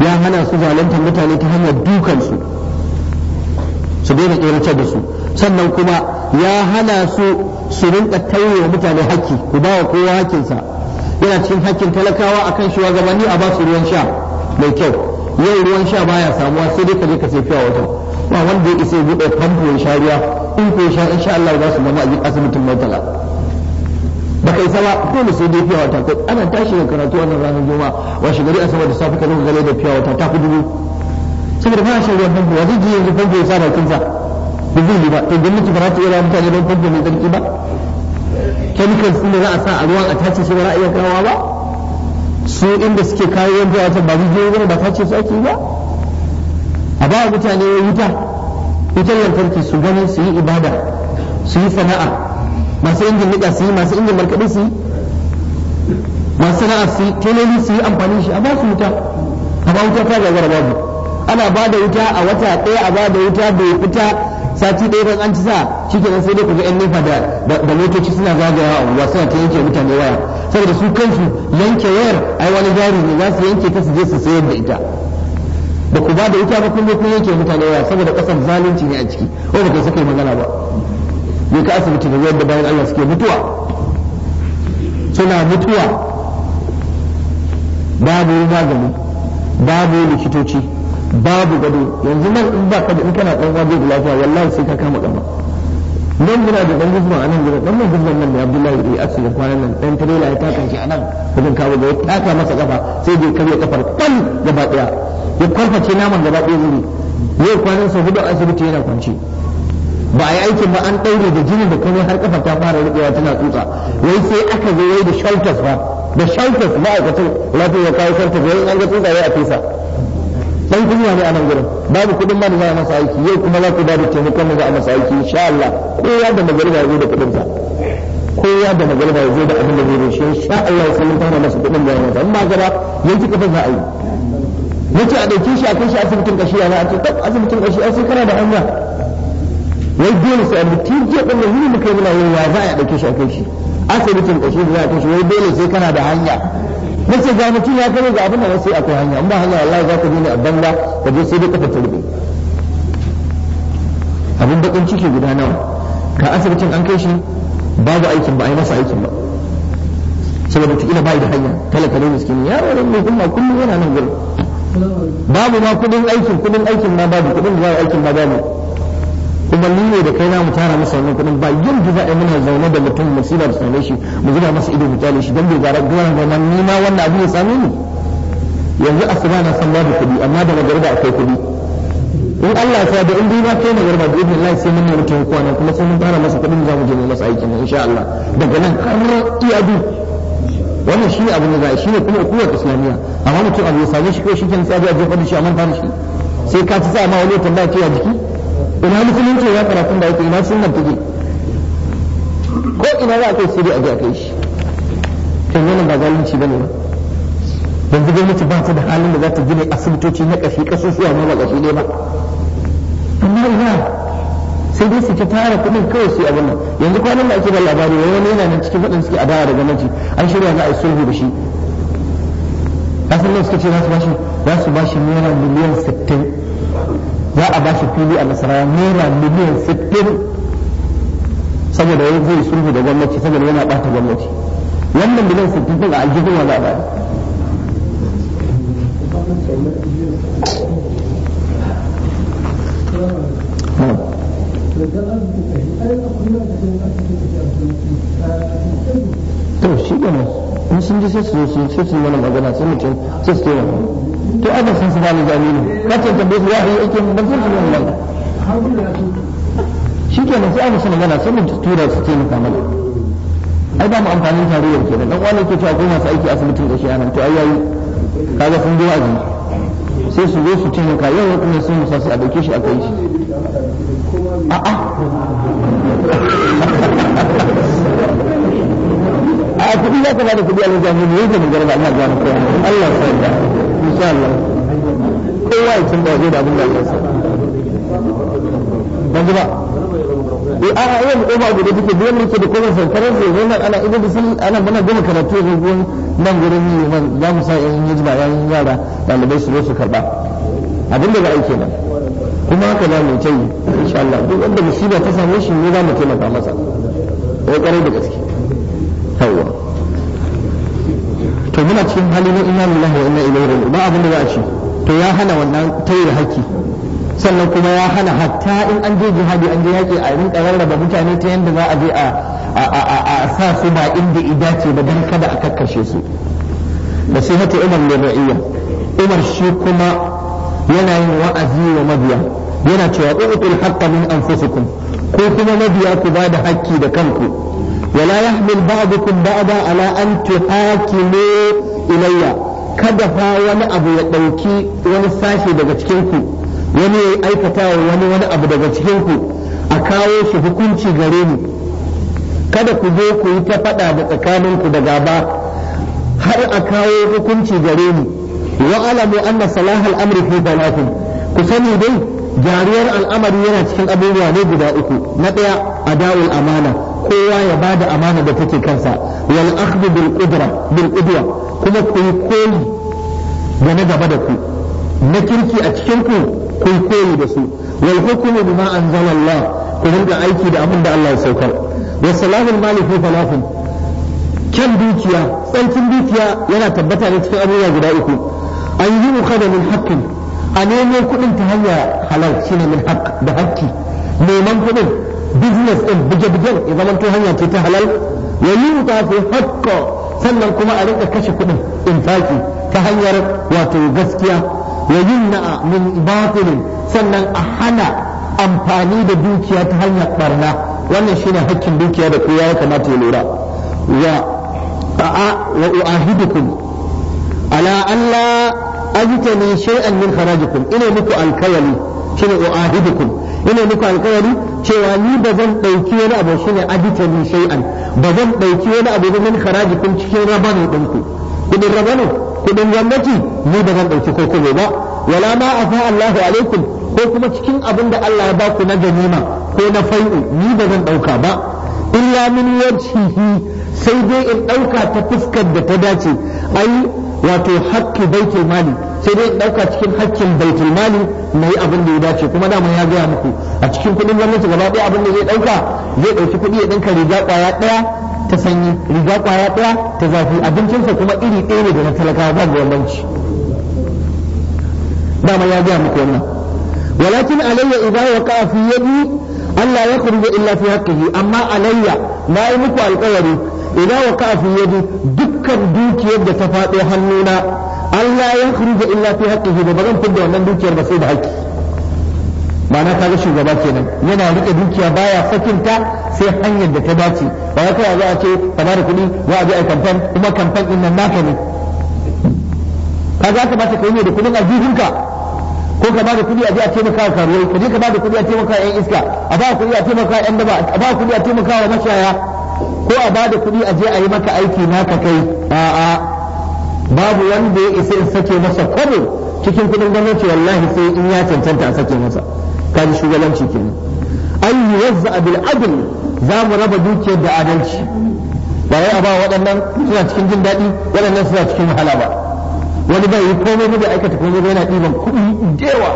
ya hana su zaluntar mutane ta hanyar dukansu su daina tsoratar da su sannan kuma ya hana su su rinka tauye mutane haƙƙi ku ba wa kowa haƙƙinsa yana cikin haƙƙin talakawa akan shugabanni a ba su ruwan sha mai kyau yau ruwan sha baya samuwa sai dai ka je ka sai fiya wata ba wanda ya isa ya buɗe famfo ya sha ruwa in ko sha insha Allah za su zama a asibitin murtala da kai sama dole sai dai fiya wata ana tashi da karatu wannan ranar juma'a washe gari a sama da safi ka gare da fiya ta fi dubu saboda ba shi ruwan famfo wani ji yanzu famfo ya sa bakin sa ba zai yi ba to gwamnati ba za ta iya mutane don famfo mai tsarki ba chemicals din da za a sa a ruwan a tace shi ba za a iya kawowa ba su inda suke kawo yan fiya wata ba rijiyoyi ba tace su ake ba a ba mutane wuta wutar lantarki su gani su yi ibada su yi sana'a masu injin nika su yi masu injin markaɗe su yi masu sana'ar su yi teloli su yi amfani shi a ba su wuta a ba wuta ta gagara babu ana ba da wuta a wata ɗaya a ba da wuta bai fita sati ɗaya ban an ci sa shi ke sai dai ku ga yan nefa da motoci suna zagaya a unguwa suna ta yanke mutane waya saboda su kansu yanke wayar ai wani jari ne za su yanke ta su je su sayar da ita ba ku ba da wuta ba kun je kun yanke mutane waya saboda kasar zalunci ne a ciki wanda kai suka yi magana ba ya ka asibiti da yadda bayan Allah suke mutuwa suna mutuwa babu magani babu likitoci babu gado yanzu nan in ba ka da in kana ɗan waje da lafiya wallahi sai ka kama kama nan muna da ɗan guzman a nan gudan ɗan mai guzman nan da abdullahi ya asu da kwanan nan ɗan tarela ya taka shi a nan wajen kawo da ya taka masa kafa sai dai karya kafar ƙwal gaba ɗaya ya kwarface naman gaba ɗaya zuri yau kwanan sa hudu asibiti yana kwance ba a yi aikin ba an ɗaure da jini da komai har kafa ta fara rubewa tana tsutsa wai sai aka zo wai da shaltas ba da shaltas ba a kacin lafiya ya kawo shaltas wai an ga tsutsa wai a fesa dan kunya ne a nan gurin babu kuɗin ba da za a masa aiki yau kuma za ku ba da taimakon da za a masa aiki insha Allah kowa da magariba ya zo da kuɗin sa kowa da magariba ya zo da abin da zai rushe insha Allah sai mun tana masa kuɗin da ya masa amma gaba yanki kafa za a yi yace a ɗauke shi a kai shi asibitin kashi yana a ce tab asibitin kashi ai sai kana da hanya wai dole sai an mutum din nan yini muka yi muna yin ya za a dauke shi a kai shi a kashi da za a kai shi wai dole sai kana da hanya nace ga mutum ya kare ga abin da sai akwai hanya in ba hanya wallahi za ka je a banza ka je sai dai ka fita abin bakin ciki guda nawa ka asibitin an kai shi babu aikin ba a yi masa aikin ba saboda tukila bai da hanya talaka ne miskini yaro ne mai kuma kullum yana nan gurin babu ma kudin aikin kudin aikin ma babu kudin da za a aikin ma babu umarni ne da kai mu tara masa wannan kuɗin ba yadda za a yi muna zaune da mutum musiba da same shi mu zuba masa ido mu kyale shi don bai gara duwan da man nima wannan abu ya same ni yanzu asuba na san babu kuɗi amma da magariba akwai kuɗi in Allah ya da in dai ma kai magariba da ibn Allah sai mun ne mutum kwana kuma sai mun tara masa kuɗin za mu je mu masa aikin insha Allah daga nan har iyadu wannan shi ne abin da za a shi ne kuma hukumar islamiyya amma mutum abu ya same shi ko shi kan tsabi a jefa da shi a manta da shi sai ka ci sa ma wani tambaya ce a jiki ina musulunci ya karatun da yake ina sunnar take ko ina za a kai sai a je kai shi kan yana ba zalunci bane ba yanzu gwamnati ba ta da halin da za ta gina asibitoci na kashi kasusuwa ma ba kashi ne ba amma ina sai dai su ta tara kuɗin kawai su abin nan yanzu kwanan da ake da labari wani yana nan cikin faɗin suke adawa da gwamnati an shirya za a yi sulhu da shi kasan nan suka ce za su bashi za su naira miliyan sittin za a ba shi fili a nasarawa naira miliyan sittin saboda ya zai sulhu da gwamnati saboda yana bata gwamnati wannan miliyan sittin din a aljihun wa za a bada to shi ne in sun ji sai su zo su yi wani magana sai mutum sai su yi wani to aka san su malu jami'i ka ce tambaye su wahayi aikin ban san su ke nan sai aka san magana sai mu tura su ce maka mana ai ba mu amfanin tariyar kenan dan wani ke cewa goma masu aiki asibitin da shi anan to ai yayi kaga sun zo a sai su zo su ce maka yau kuma sun musa su a dauke shi a kai shi a'a a kuɗi za ka ba da kuɗi a wajen mu ne yake magana ba ina gano kowa Allah sai da in sha Allah kowa ya cin baje da abin da ya sa ban ji ba eh a a yau ko ba guda take duk wanda yake da kowa sankarar sai zai nan ana idan da sun ana bana gama karatu ne gurin nan gurin ne man za mu sa yan hijira yan yara dalibai su zo su karba abin da za a yi kenan kuma haka za mu ta in sha Allah duk wanda musiba ta same shi ne za mu taimaka masa eh, ƙoƙarin da gaske yawwa to muna cikin hali na inna lillahi wa inna ilaihi raji'un ba abin da za a ce to ya hana wannan tayar haƙƙi sannan kuma ya hana hatta in an je jihadi an je yaƙi a rinka rarraba mutane ta yadda za a je a sa su ba inda ida ce ba don kada a kakkashe su hata umar ne ra'iyya umar shi kuma yana yin wa'azi wa mabiya yana cewa uqul haqqa min anfusikum ko kuma mabiya ku ba da haƙƙi da kanku wala يحمل بعضكم ba'da على an تحاكموا ilayya kada fa wani abu ya ɗauki wani sashi daga cikinku wani ya aikata wani wani abu daga cikin ku a kawo shi hukunci gare ni. kada ku zo ku yi ta faɗa da tsakanin ku da gaba har a kawo hukunci gare ni. wa alamu anna salahal amri fi dalatin ku sani dai jariyar al'amari yana cikin abubuwa ne guda uku na daya adawul amana kowa ya da amana da take kansa wal akhdhu bil qudra bil qudwa kuma ku yi koyi da na gaba da ku na kirki a cikin ku ku yi koyi da su wal hukmu bima anzala Allah ku rinka aiki da abin da Allah ya saukar wa salamul mali fi falafin kyan dukiya tsarkin dukiya yana tabbata ne cikin abubuwa guda uku an yi ukada min haqqin a nemo kuɗin ta hanya halal shine min haqq da haƙƙi neman kuɗin business din buge-bugen ya zama to hanya ce ta halal ya yi ta fi hakka sannan kuma a rinka kashe kuɗin infaki ta hanyar wato gaskiya ya yi na'a min batilin sannan a hana amfani da dukiya ta hanyar barna wannan shine hakkin dukiya da kowa ya kamata ya lura wa وأعاهدكم على ألا أجتني شيئا من خراجكم إلى بكو الكيل شنو أعاهدكم ina muku alkawari cewa ni ba zan ɗauki wani abu shi ne aditali shay'an ba zan ɗauki wani abu ba haraji kun cikin rabano kuɗin raba rabano kuɗin gwamnati ni ba zan ɗauki ko kuma ba wala ma fa Allahu alaikum ko kuma cikin abin da Allah ya ba ku na ganima ko na fai'u ni ba zan ɗauka ba illa min wajhihi sai dai in ɗauka ta fuskar da ta dace ai wato hakki baitul mali sai dai ɗauka cikin hakkin baitul mali na abin da ya dace kuma dama ya gaya muku a cikin kuɗin gwamnati gaba ɗaya abin da zai ɗauka zai ɗauki kuɗi ya ɗinka riga ƙwaya ɗaya ta sanyi riga ƙwaya ɗaya ta zafi abincinsa kuma iri ɗaya ne da na talakawa ba gwamnati dama ya gaya muku wannan walakin alayya idza waqa fi yadi Allah ya kurje illa fi haqqihi amma alayya na yi muku alƙawari idan waka fi yadi dukkan dukiyar da ta faɗo hannuna Allah ya khuruja illa fi haqqihi ba zan fidda wannan dukiyar ba sai da haƙƙi ma'ana kaga shugaba kenan yana rike dukiya baya sakinta sai hanyar da ta dace ba ya kai za a ce ka bada kuɗi za a je a kamfan kuma kamfan din nan naka ne kaga ka bata kai ne da kuɗin aljihunka ko ka bada kuɗi a je a taimaka wa karuwai ka je ka bada kuɗi a taimaka wa 'yan iska a ba kuɗi a taimaka wa 'yan daba a ba kuɗi a taimaka wa mashaya ko a bada kuɗi a je a yi maka aiki naka kai a'a babu wanda ya isa sake masa kwabo cikin kudin gwamnati wallahi sai in ya cancanta a sake masa kaji shugabanci kenan an yi wazza bil adl za mu raba dukiyar da adalci ba wai a ba waɗannan suna cikin jin daɗi waɗannan suna cikin wahala ba wani bai yi komai da aikata komai yana ɗiban kuɗi da yawa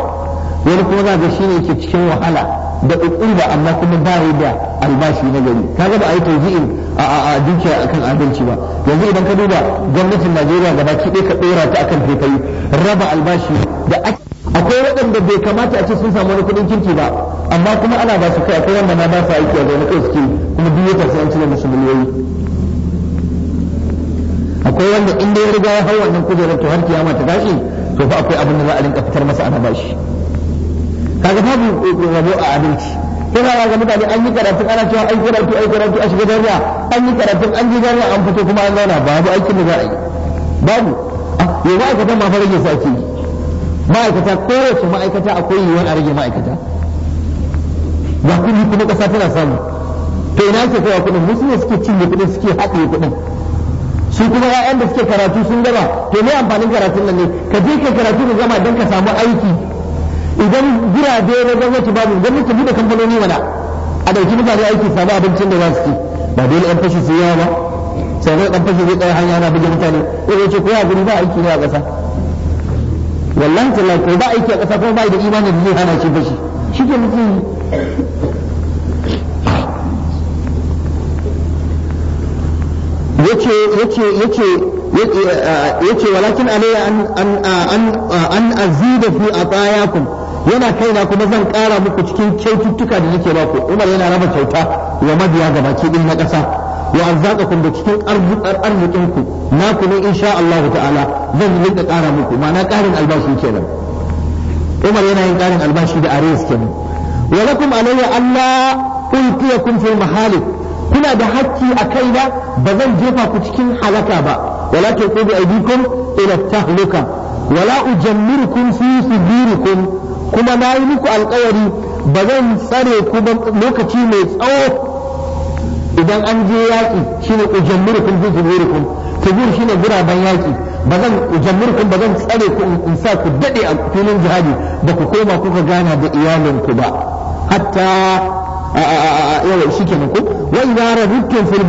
wani kuma za ga ne yake cikin wahala da ukuba amma kuma ba yi da albashi na gari kaga ba a yi tawzi'in a dukiya akan adalci ba yanzu idan ka duba gwamnatin Najeriya gaba ki ka dora ta akan fefayi raba albashi da akwai waɗanda bai kamata a ce sun samu wani kuɗin kirki ba amma kuma ana ba su kai akwai wanda ma ba su aiki a zaune kai suke kuma duk ya tarsa an cire musu miliyoyi akwai wanda in dai ya riga ya hau wannan kujerar to har kiyama ta tashi to fa akwai abin da za a rinka fitar masa ana kaga babu rabo a abinci yana ga mutane an yi karatu ana cewa an karatu an karatu a shiga dariya an yi karatu an je dariya an fito kuma an zauna babu aikin da za a yi babu ah, yanzu aikatan ma fa rage su ake yi ma'aikata kowace ma'aikata akwai yiwuwar a rage ma'aikata ga kuɗi kuma ƙasa tana samu to ina ke kawo kuɗin musu ne suke cinye kuɗin suke haɗe kuɗin su kuma ya'yan da suke karatu sun gama to me amfanin karatun nan ne ka je ka karatu da gama don ka samu aiki idan gidaje na gwamnati babu gwamnati bude kamfanoni mana a dauki mutane aiki samu abincin da za su ci ba dole an fashi su yawa ba sai dai dan fashi zai tsaya hanya na buge mutane ko yace ko ya guri ba aiki ne a ƙasa wallahi tallahi ko ba aiki a ƙasa ko ba da imani da zai hana shi fashi shi ke mutum yace yace yace yace walakin alayya an an an azida fi atayakum yana kaina kuma zan ƙara muku cikin kyaututtuka da nake ku. umar yana raba kyauta wa mabiya gaba baki din na ƙasa wa arzaqakum da cikin na ku ne insha Allah ta'ala zan rinka ƙara muku ma'ana ƙarin albashi kenan umar yana yin ƙarin albashi da ares kenan wa lakum alayya Allah ulqiyakum fil mahalik kuna da hakki a kai ba Ba zan jefa ku cikin halaka ba walakin qudu aydikum ila tahluka wala ujammirukum fi sudurikum kuma na yi muku alkawari ba zan tsare ku lokaci mai tsawo idan an je yaƙi shine ujammurukum fi zuhurikum tujur shine guraben yaƙi ba zan kun ba zan tsare ku in sa ku dade a filin jihadi ba ku koma kuka gana da iyalinku ba hatta yawa shi kenan ku wa idza rabittum fil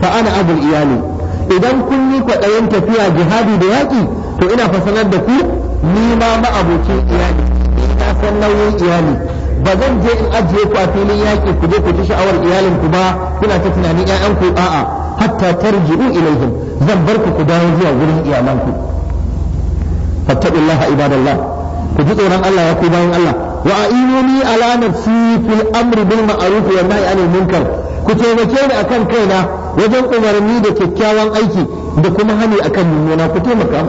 fa ana abul iyali idan kun yi kwaɗayin tafiya jihadi da yaƙi to ina fasanar da ku ni ma ma abokin iyali na san nauyin iyali ba zan je in ajiye ku a filin yaƙi ku je ku ci sha'awar iyalin ku ba kuna ta tunanin ƴaƴan ku a'a hatta tarji'u ilaihim zan bar ku ku dawo zuwa wurin iyalanku fattaqullaha ibadallah ku ji tsoron Allah ya ku bayan Allah wa a'inuni ala nafsi fil amri bil ma'ruf wa nahy anil munkar ku taimake ni akan kaina wajen umarni da kyakkyawan aiki da kuma hani akan mummuna ku taimaka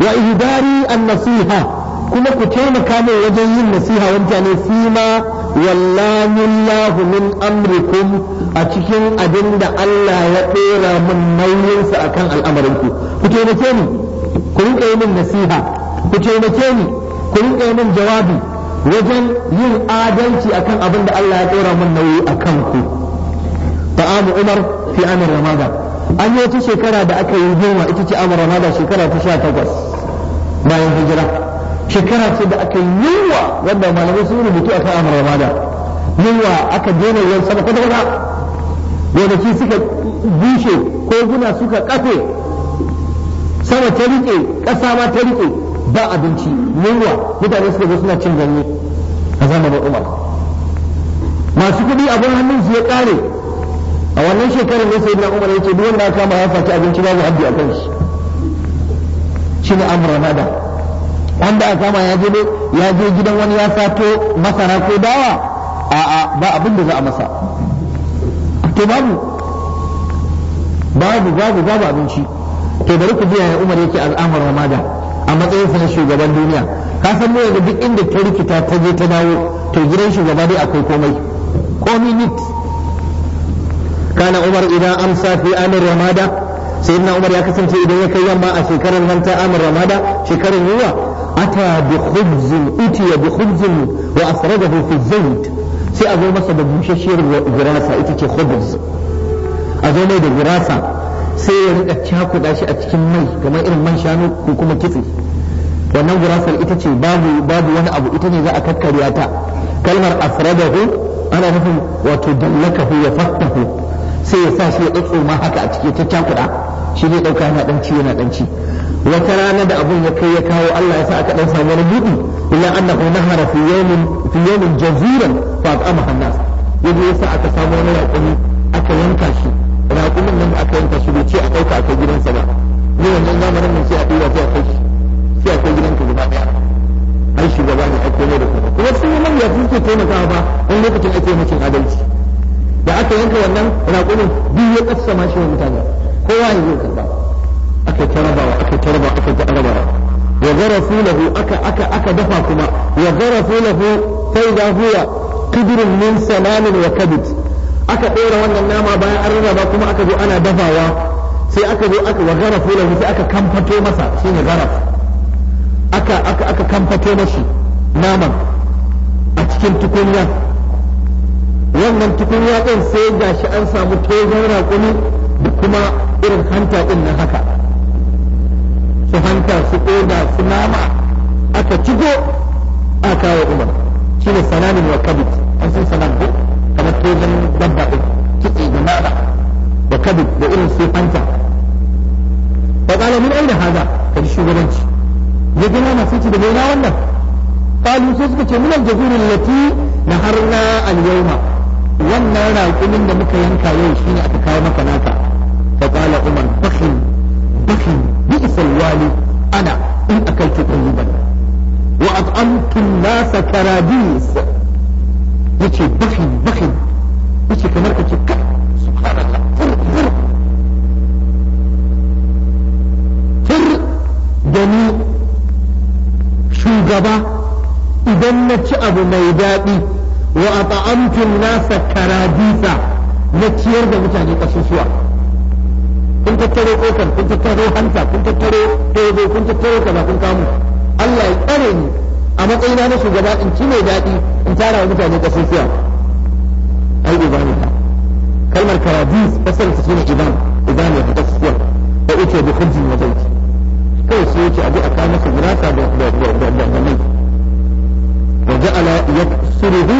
wa ihdari an-nasiha kuma ku taimaka ni wajen yin nasiha wa mutane sima wallahi Allahu min amrikum a cikin abin da Allah ya dora min nauyinsa akan al'amarinku ku taimake ni ku rinka min nasiha ku taimake ni ku rinka min jawabi wajen yin adalci akan abin da Allah ya dora min nauyi akan ku ta'amu Umar fi amr Ramadan an yi wata shekara da aka yi yunwa ita ce amara na da shekara ta sha takwas bayan hijira shekara ce da aka yi yunwa wanda malamai sun rubutu kan amara na da yunwa aka daina yin sama kwata kwata gonaki suka bushe ko koguna suka kafe sama ta rike ƙasa ma ta rike ba abinci yunwa mutane suka zo suna cin ganye a zamanin umar masu kuɗi abin hannun su ya ƙare a wannan shekarar ne sai umar ya ce duk wanda kama ya faci abinci babu haddi a kanshi shi ne amra nada wanda aka kama ya je ya je gidan wani ya sato masara ko dawa a'a ba abin da za a masa to babu babu babu babu abinci to bari ku biya ya umar yake al'amar ramada a matsayin na shugaban duniya ka san mu yanzu duk inda ta rikita ta je ta dawo to gidan shugaba dai akwai komai komai nit kana umar idan amsa fi amir ramada sayyidina ya kasance idan ya kai yamma a shekarar nan ta amir ramada shekarar yunwa ata masa da mai da gurasa sai ya rika cakuɗa shi a cikin mai kamar irin man shanu ko kuma kitse wannan gurasar ita ce babu babu wani abu ita ne za a kakkarya ta kalmar asradahu ana nufin wato dallakahu ya fattahu sai ya sa shi ya ma haka a ciki ta cakuɗa shi ne ɗauka yana ɗan ci yana ɗan ci wata rana da abun ya kai ya kawo Allah ya sa aka ɗan samu wani buɗi illa annahu nahara fi yawmin fi yawmin jaziran fa aqama hannas yaje ya sa aka samu wani raƙumi aka yanka shi raƙumin nan da aka yanka shi bai ce a ɗauka a kai gidansa ba ne wannan zamanin ne sai a ɗiba sai a kai sai a kai gidanka gaba ɗaya ai shugaba ne ake mai da kuma kuma sun yi manya ke taimakawa ba wani lokacin ake mutum adalci da aka yanka wannan raƙumin biyu ya kassama shi wa mutane kowa ya zo karba aka tarabawa aka taraba aka tarabawa wa garafu lahu aka aka aka dafa kuma wa garafu lahu sai da huwa kidrun min salamin wa kabit aka ɗora wannan nama bayan an rarraba kuma aka zo ana dafawa sai aka zo aka wa garafu lahu sai aka kamfato masa shine garaf aka aka aka kamfato mashi naman a cikin tukunya wannan tukunya ɗin sai ga shi an samu tozon raƙumi da kuma irin hanta ɗin na haka su hanta su ƙoda su nama aka cigo a kawo umar shi ne sananin wa kabit an san sanan ko kamar tozon dabba ɗin kitse da nama da kabit da irin su hanta ba ƙala min aina haza kan shugabanci ya gina masu ci da gona wannan ƙalu sai suka ce min aljazuri lati na har harna al-yawma wannan raƙumin da muka yanka yau shi ne aka kawo maka naka fa qala umar bakhin bakhin bi wali ana in akaltu tayyiban wa at'amtu an-nasa karabis yace bakhin bakhin yace kamar kace kai subhanallah da ni shugaba idan na ci abu mai daɗi wa at'amtun nasa karadisa na ciyar da mutane kasusuwa kun tattaro kofar kun tattaro hanta kun tattaro dogo kun tattaro kaza kun kamu Allah ya tsare ni a matsayina na shugaba in ci mai daɗi in tara wa mutane kasusuwa ai ibanika kalmar karadis fasar ta shine iban ibanika kasusuwa da yake da kunjin wajen kai sai ya abu a kawo masa gurasa da da da da mai وجعل يكسره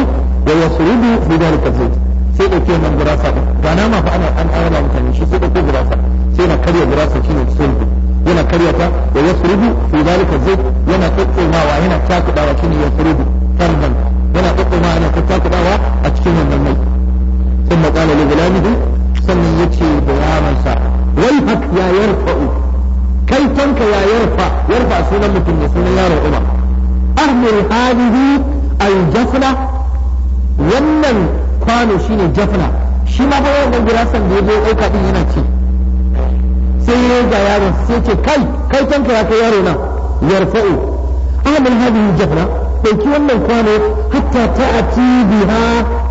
ويصرب بذلك الزيت sai dauke nan gurasa ba ga nama fa ana an aura mutane shi sai dauke gurasa sai na karya gurasa shine sulhu yana karya ta da yasrubu fi zalika zai yana kokkomawa yana takudawa ya yasrubu fardan yana kokkomawa yana takudawa a cikin wannan mai ثم قال لغلامه sannan yace da yaransa wai fak ya yarfa'u kai tanka ya yarfa yarfa sunan mutum ne sunan yaro umar ahmil hadihi al-jafna wannan kwano shine jafna shi ma bayan wannan san da yaje dauka din yana ci sai ya ga yaron sai ce kai kai tanka ya kai yaro na yarfa'u ahmil hadihi jafna dauki wannan kwano hatta ta'ati biha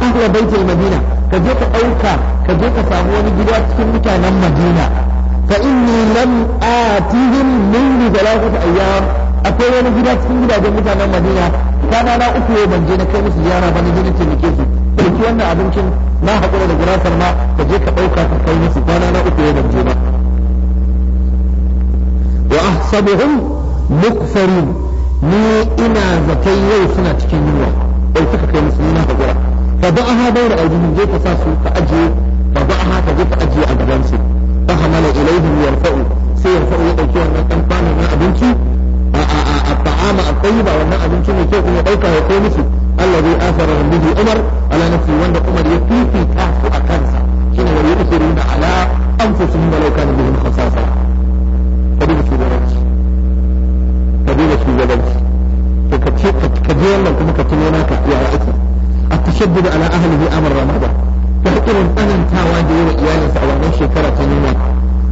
ahla baitul madina ka je ka dauka ka je ka samu wani gida cikin mutanen madina fa inni lam atihim min thalathati ayyam akwai wani gida cikin gidajen mutanen madina kana na uku yau ban je na kai musu ziyara ba na je na taimake su ɗauki wannan abincin na haƙura da gurasar ma ka je ka ɗauka ka kai musu kana na uku yau ban je ba wa ahsabuhum mukfarun ni ina zakai yau suna cikin yunwa ɗauki ka kai musu na haƙura fa ba'aha bayna aljihim je ka sa su ka ajiye fa aha ka je ka ajiye a gaban su fa hamala ilaihim yarfa'u sai yarfa'u ya ɗauki wannan ɗan kwanon na abinci الطعام الطيب او ان ابن كلمه كيف يدعوك يقول في الذي اثرهم به عمر على نفسه وان عمر يكفي في كهف اكنسه حين يؤثرون على انفسهم ولو كان بهم خصاصه كبيره في ذلك كبيره في ذلك كبير لكم كتنوناك يا اكثر التشدد على اهله امر رمضان تحقر ان انت واجه يا نسعى وانا شكرة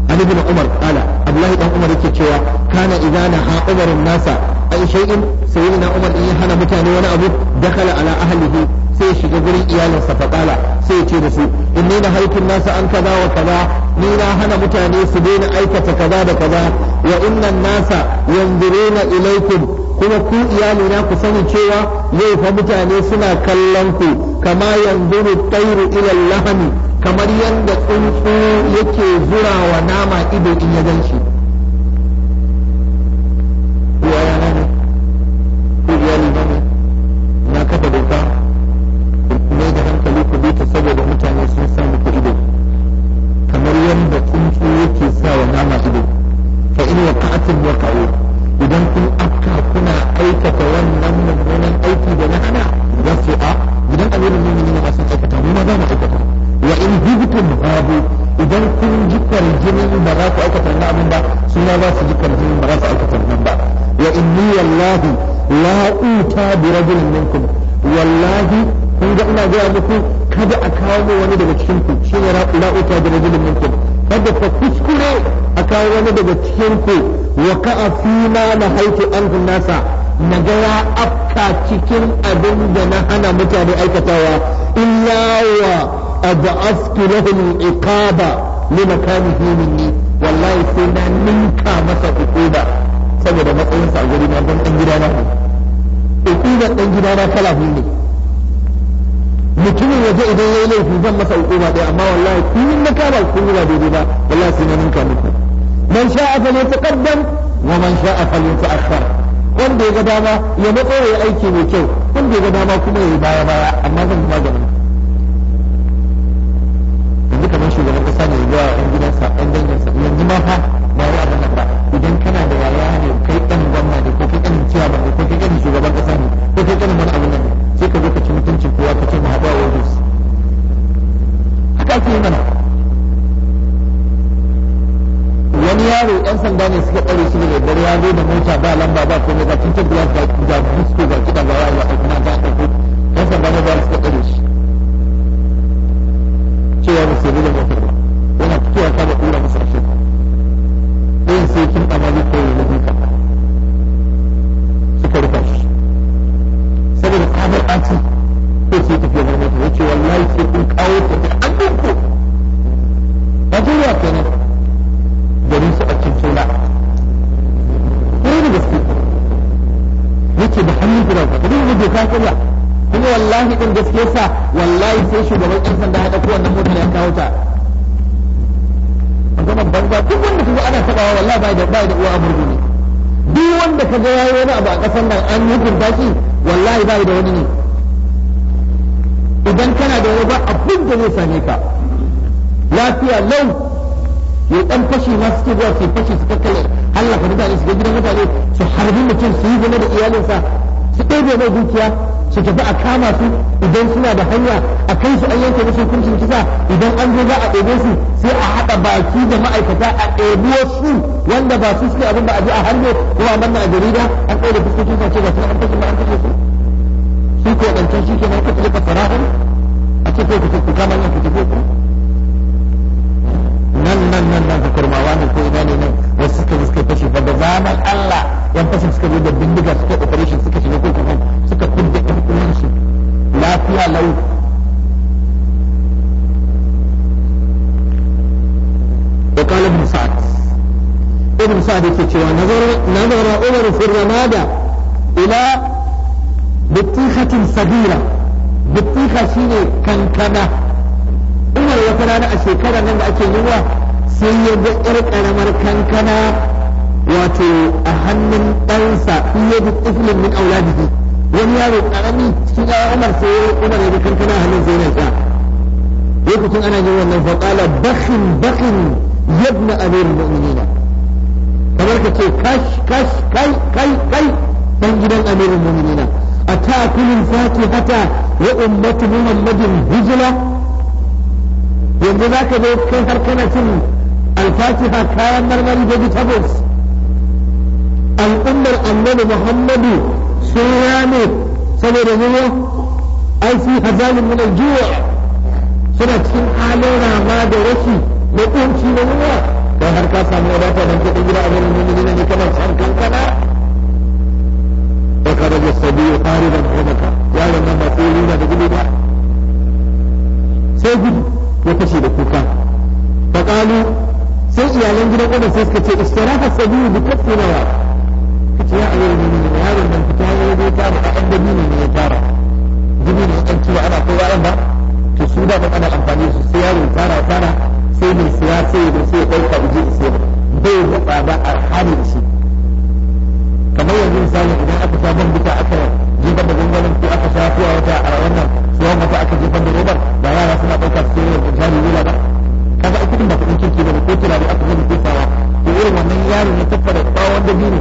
Ali bin Umar kala Abdullahi dan Umar yake cewa kana idza naha Umar nasa ai shay'in sayyidina Umar in hana mutane wani abu dakala ala ahlihi sai shiga gurin iyalinsa fa kala sai ce da su inni na haifin nasa an kaza wa kaza ni na hana mutane su daina aikata kaza da kaza wa innan nasa yanzuruna ilaikum kuma ku iyalina ku sani cewa yau fa mutane suna kallon ku kama yanzuru tayru ila lahani kamar yadda tsuntsu yake zura wa nama ido in ya gan shi ata birajulin minkum wallahi kun ga ina gaya muku kada a kawo wani daga cikin ku shine ra'uta birajulin minkum kada ku kuskure a kawo wani daga cikin ku wa ka fi ma nahaitu anhu nasa naga ya afka cikin abin da na hana mutane aikatawa illa wa أبعثت له العقاب لمكانه wallahi sai na ninka masa عقوبة saboda matsayinsa a guri na don an gida na hukumar ɗan gida na kala ne mutumin waje idan yayi laifi zan masa hukuma ɗaya amma wallahi kun na kama kun yi ba daidai ba wallahi sai na ninka muku man sha'a falyataqaddam wa man sha'a falyata'akhkhar wanda ya ga dama ya matso ya aiki mai kyau wanda ya ga dama kuma ya yi baya baya amma zan maganin yanzu kamar shugaban kasa ne ya ga 'yan gidansa 'yan danginsa yanzu ma fa ko kai irin shugaban kasa ne ko kai irin wani abu ne sai ka zo ka ci mutuncin kowa ka ce mu haɗu a wajen su haka ake yi mana wani yaro yan sanda ne suka tsare shi da dare ya zo da mota ba lamba ba komai ga tun tabbata ga ga disco ga kiɗa ga waya ga kuma ta ɗauko yan sanda ne ba suka tsare shi cewa musulmi ku da doka kirya kuma wallahi din gaskiya sa wallahi sai shugaban yan sanda ya dauko wannan motar ya kawo ta ban banza duk wanda kuma ana tabawa wallahi bai da bai da uwa amurgu ne duk wanda kaga yayi wani abu a kasan nan an hukunta shi wallahi bai da wani ne idan kana da wani ba abin da zai same ka lafiya lau ya dan fashi ma suke zuwa su fashi su kakkale hallaka mutane su ga gidan mutane su harbi mutum su yi gane da iyalinsa su ɗebe mai dukiya su tafi a kama su idan suna da hanya a kai su an yanke musu hukuncin kisa idan an zo za a ɗebe su sai a haɗa baki da ma'aikata a ɗebi wasu wanda ba su suke abin ba a je a harbe ko a manna a jarida an ɗaya da fuskokin sa ce ga su an kashe ba an kashe su su ko ɗancan shi kenan ka tsaye ka fara'in a ce kai ku ce kama yanka ku ce ku nan nan nan nan ka kurmawa ne ko ina ne nan suka fashe ba da zaman Allah yan fashin suka zo da bindiga suka operation suka shiga ko kuma suka kudda ɗan uwansu lafiya lau وقال ابن سعد ابن سعد يكتشف نظر نظر عمر في الرمادة إلى بطيخة صغيرة بطيخة شيني كنكنة عمر وترانا أشيكرا من أشيكرا sai ya ga ƴar ƙaramar kankana wato a hannun ɗansa in ya bi tsiflin min auladihi wani yaro karami cikin ya umar sai umar ya kankana a hannun sai yana sha lokacin ana yin wannan faƙala bakin bakin yabna amirul mu'minina kamar ka ce kash kash kai kai kai dan gidan amirul mu'minina hata الفاكهة وأمة muhammadin هجلة yanzu za ka zo kai har kana cin alfatiha kayan marmari da bitabus al'ummar annabi muhammadu sun rame saboda zuwa ai fi hazalin min aljuwa suna cikin halin rama da rashi na kunci na zuwa dan har ka samu wadata don kudin gida a wani mummuni ne kana san kankana da kada ya fari da hadaka yaron nan ba sai rina da gudu ba sai gudu ya kashe da kuka faqalu sai iyalan gidan kada sai suka ce istirahat sabi bi kafinawa ce a yau mu'minin ya yaro nan fita ya zai tara a ɗan dabino ne ya tara dabino ya ɗan ana kowa yan ba to su da ana amfani su sai yaro tara tara sai mai siya sai ya sai ya ɗauka ije ya bai da tsada a halin shi kamar yanzu misali idan aka sha ban bita aka ban da gangaren ko aka sha kuwa wata a wannan suwan wata aka ban da robar ba yara suna ɗauka su sai ya jari wula ba kaga kuɗin ba kuɗin kirki ba ko turare aka zama fesawa to irin wannan yaro ya da tsawon dabino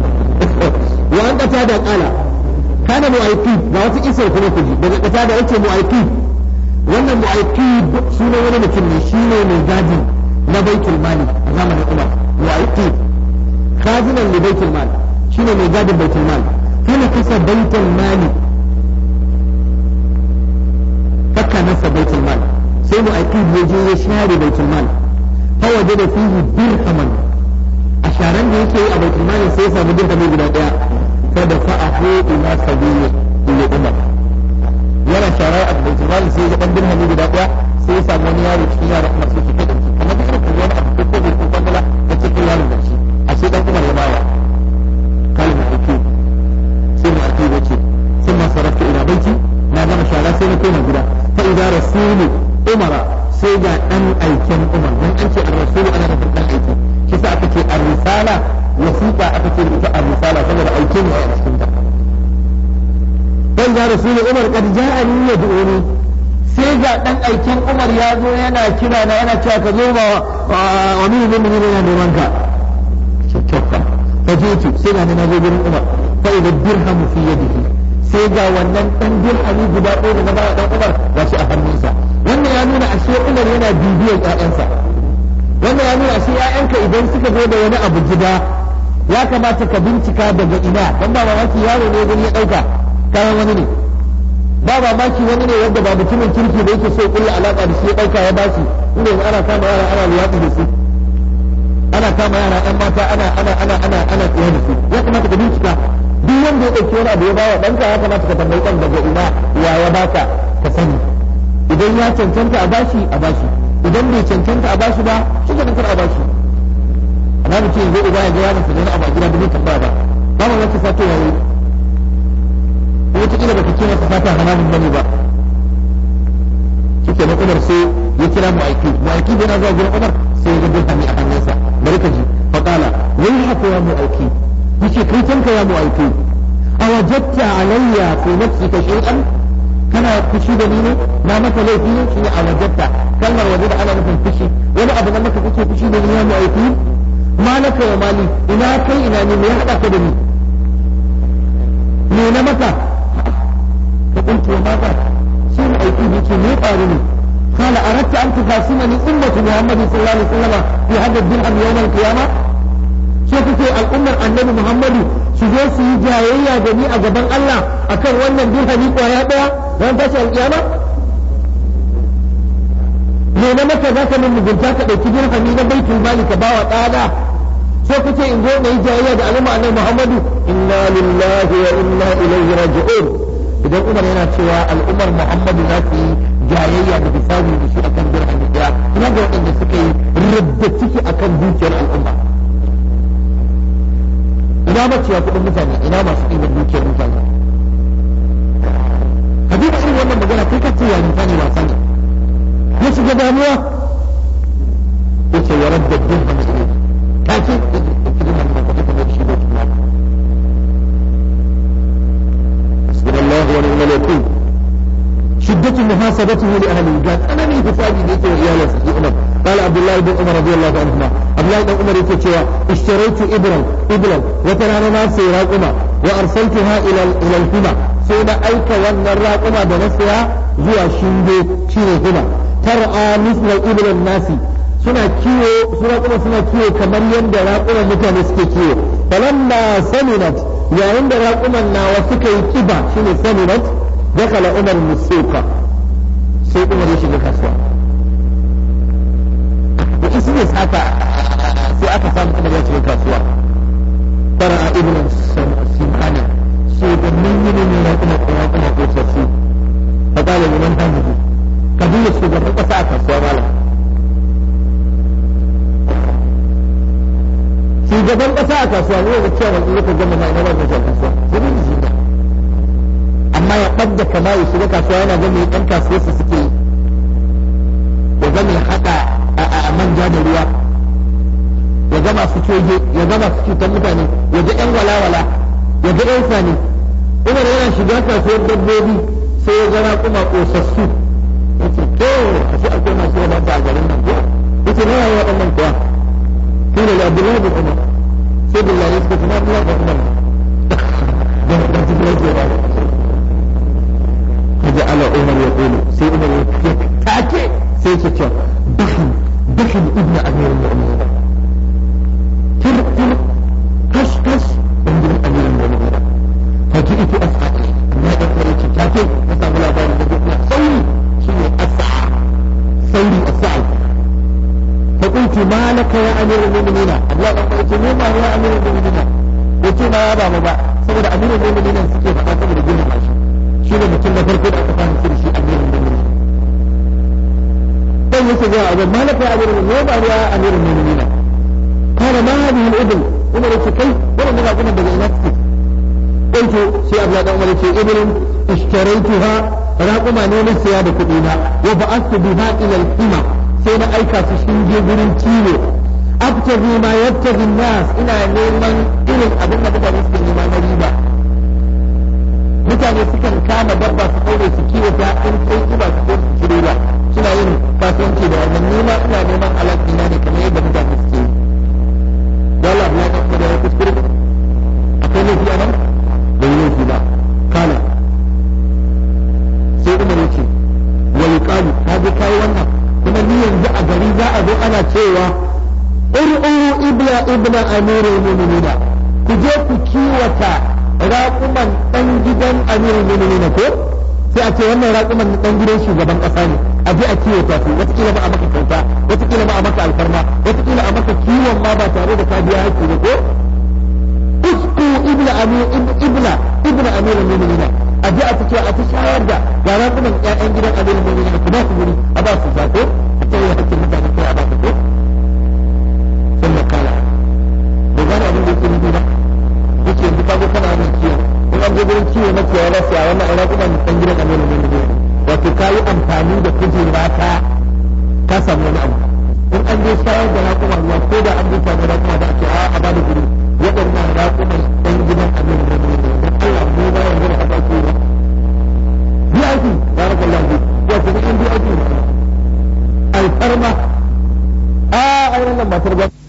wa an kata da kala kana mu'aiki ga wata isar kuma ku ji daga kata da yake mu'aiki wannan mu'aiki sunan wani mutum ne shine mai gadi na baitul mali a zamanin Umar mu'aiki khazinan li baitul mali shine mai gadin baitul mali kana kasa baitul mali fakka nasa baitul mali sai mu'aiki ya je ya share baitul mali fa wajada fihi dirhaman a sharan da yake yi a bai kimanin sai ya samu mai guda daya kada ko ina sabili umar kad ja'ani yad'uni sai ga dan aikin umar ya zo yana kira na yana cewa ka zo ba wa min bin min yana neman ka ka je ki sai ga na zo gurin umar fa idan dirhamu fi yadihi sai ga wannan dan dirhami guda ɗaya da na ba dan umar gashi a hannunsa wannan ya nuna ashe umar yana bibiyar ƴaƴansa wannan ya nuna ashe ƴaƴanka idan suka zo da wani abu gida ya kamata ka bincika daga ina dan ba mamaki yaro ne gurin ya dauka kayan wani ne ba mamaki wani ne yadda ba mutumin kirki da yake so kulla alaka da shi ya dauka ya bashi inda ana kama yara ana liyafi da su ana kama yara yan mata ana ana ana ana ana tsaye da su ya kamata ka bincika duk wanda ya dauki wani abu ya bawa ɗanka ya kamata ka tambayi kan daga ina ya ya baka ka sani idan ya cancanta a bashi a bashi idan bai cancanta a bashi ba shi ka kar a bashi amma mutum zo uba ya ga yaron sa da abu a gida da bai tambaya ba ba mu yake fato yayi wata kila baka ce masa fata haramun bane ba shike na Umar sai ya kira aiki mu'aiki yana zuwa gurin Umar sai ya ga dirhami a hannunsa bari ka ji fa qala wai haka ya mu'aiki yace kai tanka ya mu aiki a awajatta alayya fi nafsika shay'an kana fushi da ni ne na maka laifi ne shi awajatta kalmar da ana nufin fushi wani abu nan maka kake fushi da ni ya mu mu'aiki malaka wa mali ina kai ina ne me ya haɗa ka da ni me na maka yake ne faru ne قال أردت أن تقاسمني أمة محمد صلى الله عليه وسلم في هذا الدرهم يوم القيامة so kuke al'ummar annabi Muhammadu su zo su yi jayayya da a gaban Allah akan wannan dirhami kwaya daya ran tashi alƙiyama me na maka za ka min mugunta ka ɗauki dirhami na baitul mali ka bawa ɗana so kuke in zo na yi jayayya da al'umma annabi Muhammadu inna idan umar yana cewa al'ummar muhammadu za su yi jayayya da bisani da shi akan jirgin daya kuma ga waɗanda suka yi rabda ciki akan dukiyar al'umma ina maciya kuɗin mutane ina masu ɗiban dukiyar mutane ka duba irin wannan magana kai ka ce ya mutane wasa ne ya shiga damuwa ce ya rabda dirhami mutane ka ce malakun shiddatu muhasabatihi li ahli ga tsananin hisabi da yake wa iyalansa Umar قال عبد الله بن عمر رضي الله عنهما عبد الله بن عمر يقول اشتريت ابرا ابرا وترى ما سيرا قما وارسلتها الهما سيدا ايك wannan raquma da nasiya zuwa shinge shine hima tar'a misla ibn an suna kiwo suna kuma suna kiwo kamar yadda raquman mutane suke kiwo falamma saminat yayin da raƙuman nawa suka yi kiba shine saminat dakala umar musuka sai umar ya shiga kasuwa da isnis haka sai aka samu umar ya shiga kasuwa fara a ibn sinhana sai da mun yi ne ya kuma kuma kuma ko sassu ta kala liman hamdu kabila shugaban kasa a kasuwa malam shugaban kasa a kasuwa ne ya ce wa zai ka gama na ina ba ta kasuwa kama ya shiga kasuwa yana ga mai ɗan kasuwa su suke ya ga mai haka a manja da ruwa ya masu coge ya cutar mutane ya ga 'yan walawala ya ga 'yan sani umar yana shiga kasuwar dabbobi sai ya gana kuma ƙosassu ya ce to a shi akwai masu yana da garin nan ko ya ce waɗannan kuwa sai da abdullahi da sai da suka tuna abdullahi da da فجعل عمر يقول سي عمر تأتي سي تشو دحن دحن ابن أمير المؤمنين تر تر قش قش عند أمير المؤمنين فجئت أسعى ما أدري تأتي أسعى ولا بارك سوري شنو أسعى سوري أسعى فقلت ما لك يا أمير المؤمنين الله قلت ما يا أمير المؤمنين قلت ما يا بابا saboda amirin mu'minin suke faɗa saboda girma shi shi ne mutum na farko da aka fara shi shi amirin mu'minin dan yake zuwa a zama na ba ya amirin mu'minin kana ma ibn umar kai wannan da kuma daga ina take قلت سي أبلا دعم لك إبل اشتريتها راقم أن يوم السيادة كتينا وبعثت بها إلى الحمى سينا أيكا سشنجي برن تيلو أبتغي ما يبتغي الناس إلى نيمان mutane sukan kama dabba su kaure su kiwata in sai kuma su ko su ba suna yin kasuwanci da wannan nema ina neman alaƙi na ne kamar yadda mutane suke yi dole abu ya kafa da ya kuskure akwai laifi a nan da yi laifi ba kala sai kuma ya ce wani kalu ka je kayi wannan kuma ni yanzu a gari za a zo ana cewa ur'u ibla ibla amirul mu'minina ku je ku kiwata gidan amirul mu'minin ko sai a ce wannan raƙuman na dan gidan shugaban ƙasa ne a je a kiwo ta su wata kila ba a maka kyauta wata kila ba a maka alfarma wata kila a maka kiwon ma ba tare da kabiya biya haƙƙi ba ko usku ibla amir ibla ibla amirul mu'minin a je a fito a ta shayar da ga raƙuman ƴaƴan gidan amirul mu'minin ku ba su guri a ba su zako a ce ya haƙƙin mutane kai a ba su ko sannan kala ba gane abin da yake nufi ba yake yanzu ka zo kana wannan kiwon an je gurin ciwo na ciwo mutan a nuna nuna wato ka yi amfani da kujera ta ka samu wani abu in an je shayar da raƙuma ruwa ko da an da ake a guri waɗannan ba yanzu da aiki, wato an aiki alfarma a matar gwamnati.